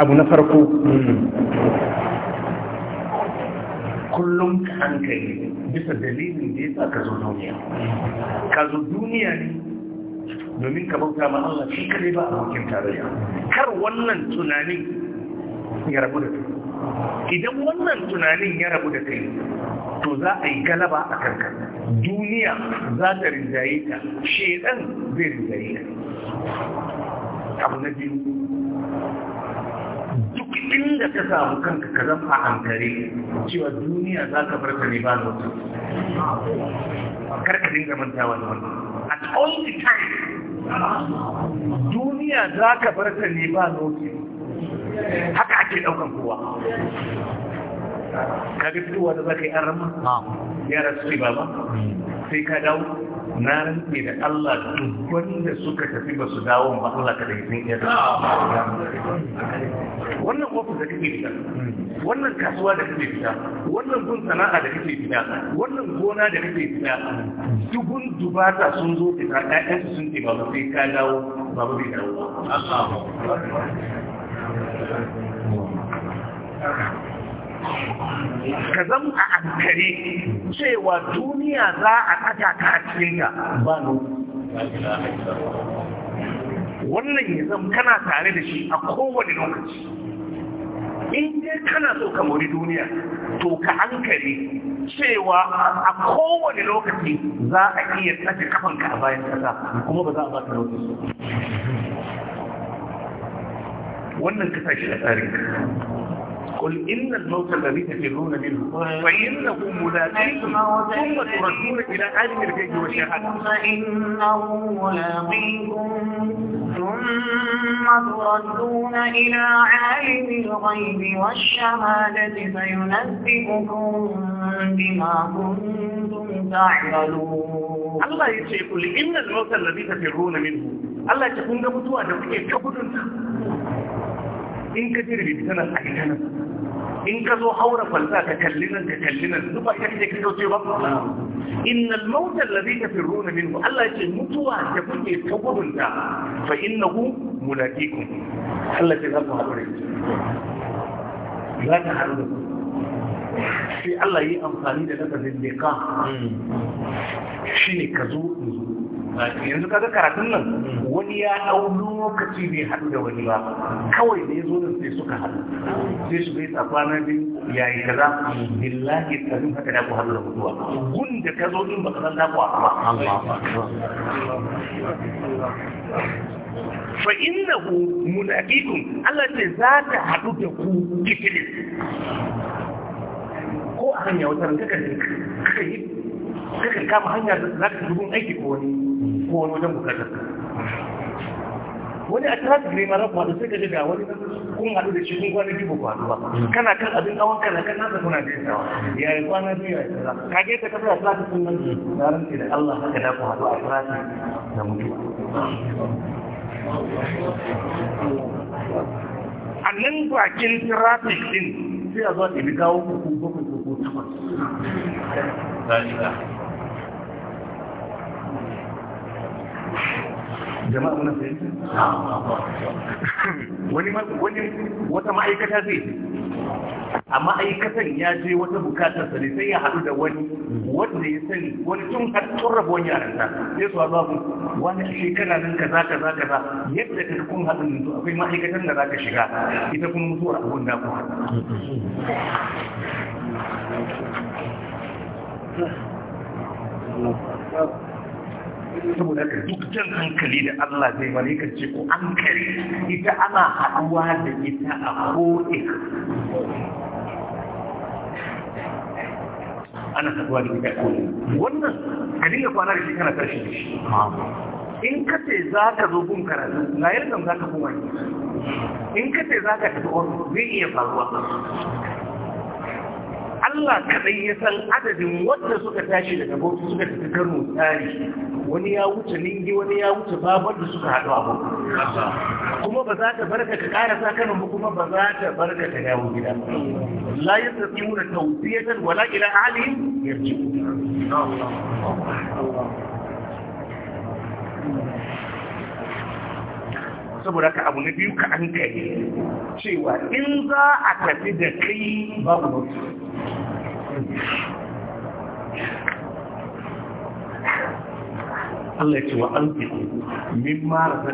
abu na farko kullum ka hankali bisa dalilin da ya sa ka zo duniya ka zo duniya ne domin ka bauta ma Allah shi ka ba a abokin tarayya kar wannan tunanin ya rabu da kai idan wannan tunanin ya rabu da kai to za a yi galaba a kanka duniya za ta rinjaye ta shedan zai rinjaye ta. abu na biyu duk inda ka samu kanka ka zama a hankali cewa duniya za ka farka ne ba zuwa ka dinga manta da wani at all the time duniya za ka farka ne ba zuwa haka ake daukan kowa ka fitowa da zaka yi an rama yara su ba ba hmm. sai ka dawo na rike da Allah duk wanda suka tafi ba su dawo ba Allah ka dai sun iya wannan kofi da kake fita wannan kasuwa da kake fita wannan gun sana'a da kake fita wannan gona da kake fita dubun dubata sun zo fita su sun ce ba sai ka dawo ba ba zai dawo ba ka zan a ankare cewa duniya za a ɗaga ka a cikin ka ba no wannan ya zama kana tare da shi a kowane lokaci in dai kana so ka mori duniya to ka hankali cewa a kowane lokaci za a iya tsaje kafanka a bayan kasa kuma ba za a baka lokaci wannan kasashe a tsarin قل إن الموت الذي تفرون منه فإنه ملاقيكم ثم تردون إلى عالم الغيب والشهادة فإنه ملاقيكم ثم تردون إلى عالم الغيب والشهادة فينبئكم بما كنتم تعملون الله يقول إن الموت الذي تفرون منه الله ya kun ga كيف da إن كثير gudun in ka in ka zo haura kwalta ka kalli nan ka kalli nan duk ba kake ka kauce ba innal mauta alladhi tafirruna minhu Allah ya ce mutuwa da kuke ta gudunta fa innahu mulaqikum Allah ya zama hakuri za ta haru sai Allah yi amfani da lafazin liqa hmm. shine ka zo yanzu ka ga karatun nan hmm. wani ya dau lokaci bai haɗu da wani ba kawai da ya zo nan sai suka haɗu sai su bai tsakwana din yayi kaza billahi tsarin haka da ku haɗu da mutuwa gun da ka zo din baka san da ku ba fa innahu munaqikum Allah ce za ta haɗu da ku iblis ko a hanya wata ran kaka kaka yi kaka kama hanya za ka dubun aiki ko wani ko wani wajen bukatar wani a class grade mara kuma da suka ga wani kun haɗu da shi kun kwana biyu ba ba kana kan abin tsawon kana kan nasa kuna da yawa ya yi kwana biyu ya yi ka ga ta kafa a class sun nan da ran da Allah haka da ku haɗu a class da mutuwa a nan bakin traffic din sai a zo a ɗabi kawo kuku ko kuku jama'a muna fahimta wani wani wata ma'aikata zai a ma'aikatan ya je wata bukatar sa ne sai ya haɗu da wani wanda ya sani wani tun har tun rabuwan yaran ta sai su haɗu abu wani a shekara nan kaza kaza kaza yadda ka kun haɗu nan to akwai ma'aikatan da za ka shiga ita kun mutuwar abun da ku haɗu mm-hmm. saboda ka duk jan hankali da Allah zai bari ka ce ko an kare ita ana haɗuwa da ita a ko'e ana haɗuwa da ita a ko'ina wannan ka dinga kwana da shi kana tashi da shi in ka ce za ka zo gun karatu na yadda za ka kuma yi in ka ce za ka tafi ofis zai iya faruwa Allah kaɗai ya san adadin wadda suka tashi daga bautu suka tafi Kano tsari wani ya wuce ningi wani ya wuce babar da suka haɗu abu kuma ba za ta barka ka ƙara sa kanin ba kuma ba za ta barka ka dawo gida la ya tafi muna tausiyatan wala ila halin yarji saboda ka abu na biyu ka an kai cewa in za a tafi da kai babu mutu Allah ce wa an fiku min ma min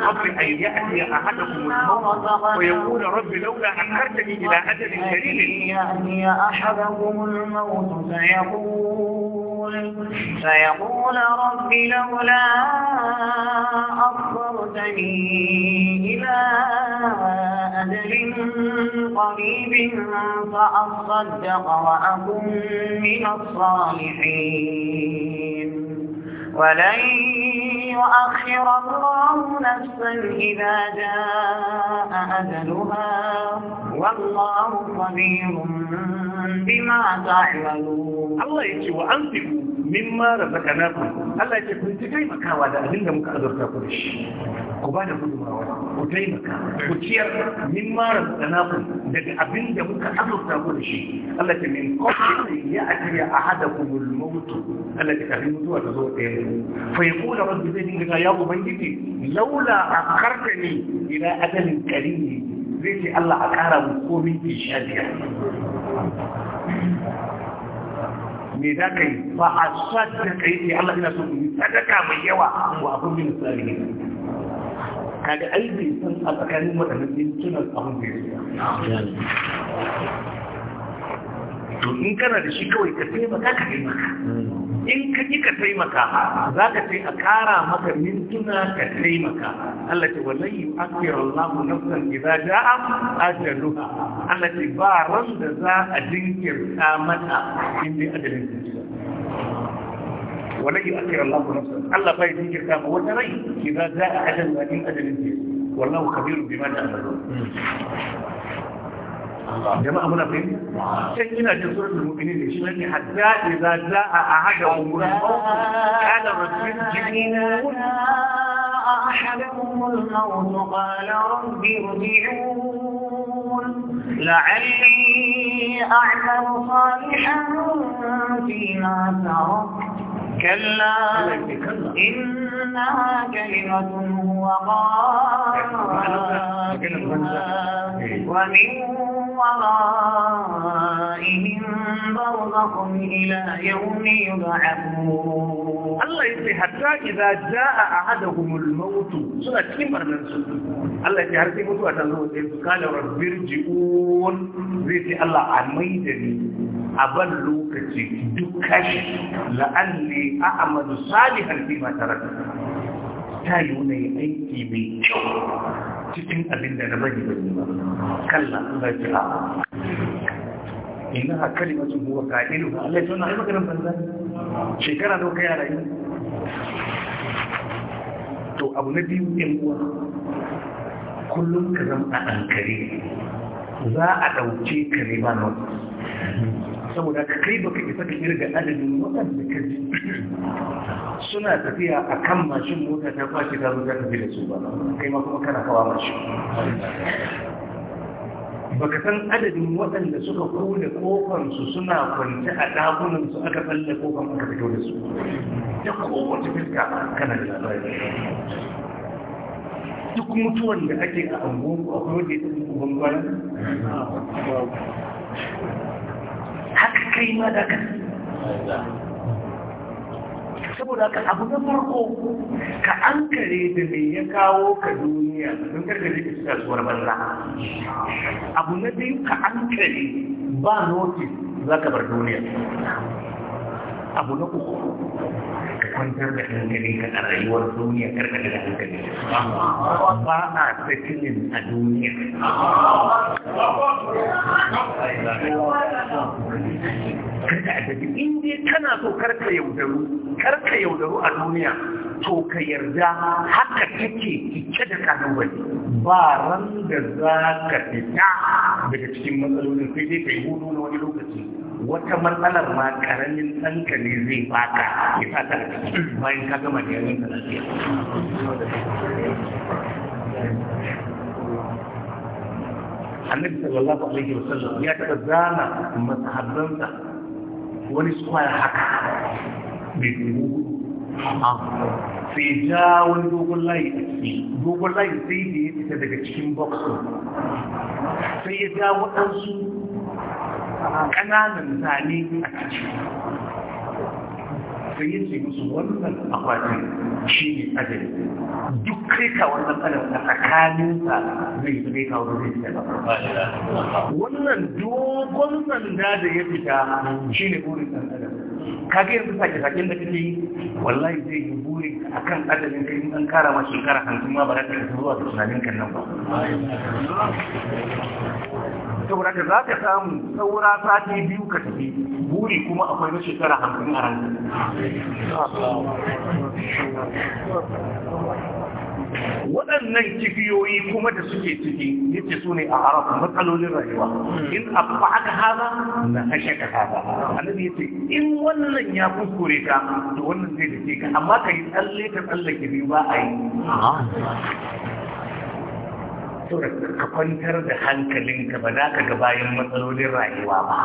qabli an ya'ti ahadakum al-maut wa yaqul rabbi lawla akhartani ila ajalin qarib ya'ni ahadakum al-maut فيقول فيقول رب لولا أخرتني إلى أجل قريب فأصدق وأكن من الصالحين ولن يؤخر الله نفسا إذا جاء أدلها والله صبير بما تعملون الله يجي وأنفقوا مما رزقناكم الله يجي كنت كيف كاوى ذا أهل لمك أدرك أقولش كبانا كل ما وراء وكيف كاوى وكير مما رزقناكم ذا أبن لمك أدرك أقولش الله يجي من قبل يأتي أحدكم الموت Allah ya kafin mutuwa ta zo ɗaya ne fa ya kula rabbi zai dinga ya ubangiji laula akhartani ila ajalin qarib zai ce Allah a kara mu komai ki shadiya me da kai fa asaddaka yi Allah ina mu yawa wa bai san a tsakanin waɗannan tunan abin da ya to in kana da shi kawai ka taimaka ka taimaka in ka ki ka taimaka za ka ce a kara maka mintuna ka taimaka Allah ce wallahi yu'akhiru Allahu nafsan idza ja'a ajaluha Allah ce ba ran da za a jinkirta mata in dai ajalin wallahi yu'akhiru Allahu nafsan Allah bai jinkirta ma wata rai idza ja'a ajaluha in ajalin wallahu ma bima ta'malun جماعة منافقين سيدنا جسر المؤمنين الشمالي حتى إذا جاء أحدهم الموت كان رسول جبريل أحدهم الموت قال رب ارجعون لعلي أعمل صالحا فيما تركت كلا إنها كلمة هو قائلها ومن ورائهم برزخ إلى يوم يبعثون الله يقول حتى إذا جاء أحدهم الموت سنة كمر من سنة الله يقول حتى يموتوا أتنظروا قال رب ارجعون زيتي الله عميدني أبل لوكتي دكش لأني أعمل صالحا فيما تركت ta yi wani aiki mai kyau cikin abin da na bari bari ba kalla Allah ya kira inna kalimatu huwa qa'ilu Allah ya tona ai maganar banza shekara da kai rayu to abu na biyu in uwa kullum ka zama a dankare za a dauke ka ne ba nan saboda ka kai baka isa ka kirga adadin waɗanda ka ji suna tafiya a kan mashin mota ta kwashe ta zo ta tafi da su ba kai ma kuma kana kawa mashin baka san adadin waɗanda suka kone kofansu suna kwanci a ɗakunansu aka tsalle kofan aka fito da su ta kowace fiska kana da labari duk mutuwan da ake a angon akwai wanda ya tafi uban gwanan kai ma saboda ka abu na farko ka an kare da me ya kawo ka duniya don karka da su kasuwar banza abu na biyu ka an kare ba notice za ka bar duniya abu na uku kwantar da hankali ka a rayuwar duniya karka da hankali ba a sakinin a duniya kada a daji in dai kana so karka yaudaru karka yaudaru a duniya to ka yarda haka take cike da kalubale ba ran da za ka fita daga cikin matsalolin sai dai ka yi hudu na wani lokaci wata matsalar ma karamin ɗanka ne zai baka ya fata bayan ka gama da yayin ka lafiya annabi sallallahu alaihi wasallam ya taɓa zana masahabbansa wani square haka mai dubu sai ja wani dogon layi a ciki dogon layi sai da ya fita daga cikin boxing sai ya ja waɗansu ƙananan zane a ciki sai ya ce musu wannan akwatin shi ne ajali duk kai ka wannan kalan a tsakaninsa zai zai kawo zai fita ba wannan dogon sanda da ya fita shi ne burin ɗan adam kage yanzu sake saken da kake yi wallahi zai yi burin a kan adalin kai an kara ma shekara hamsin ma ba za ta zuwa da tunanin kan nan ba saboda ka za ka samu saura sati biyu ka tafi buri kuma akwai na shekara hamsin a ranka waɗannan kifiyoyi kuma da suke ciki yace su ne a arab matsalolin rayuwa in abba aka haza na hashe ka haza annabi yace in wannan ya kuskure ka to wannan zai dace ka amma ka yi tsalle ka tsallake biyu ba a yi ka kwantar da hankalinka ba za ka ga bayan matsalolin rayuwa ba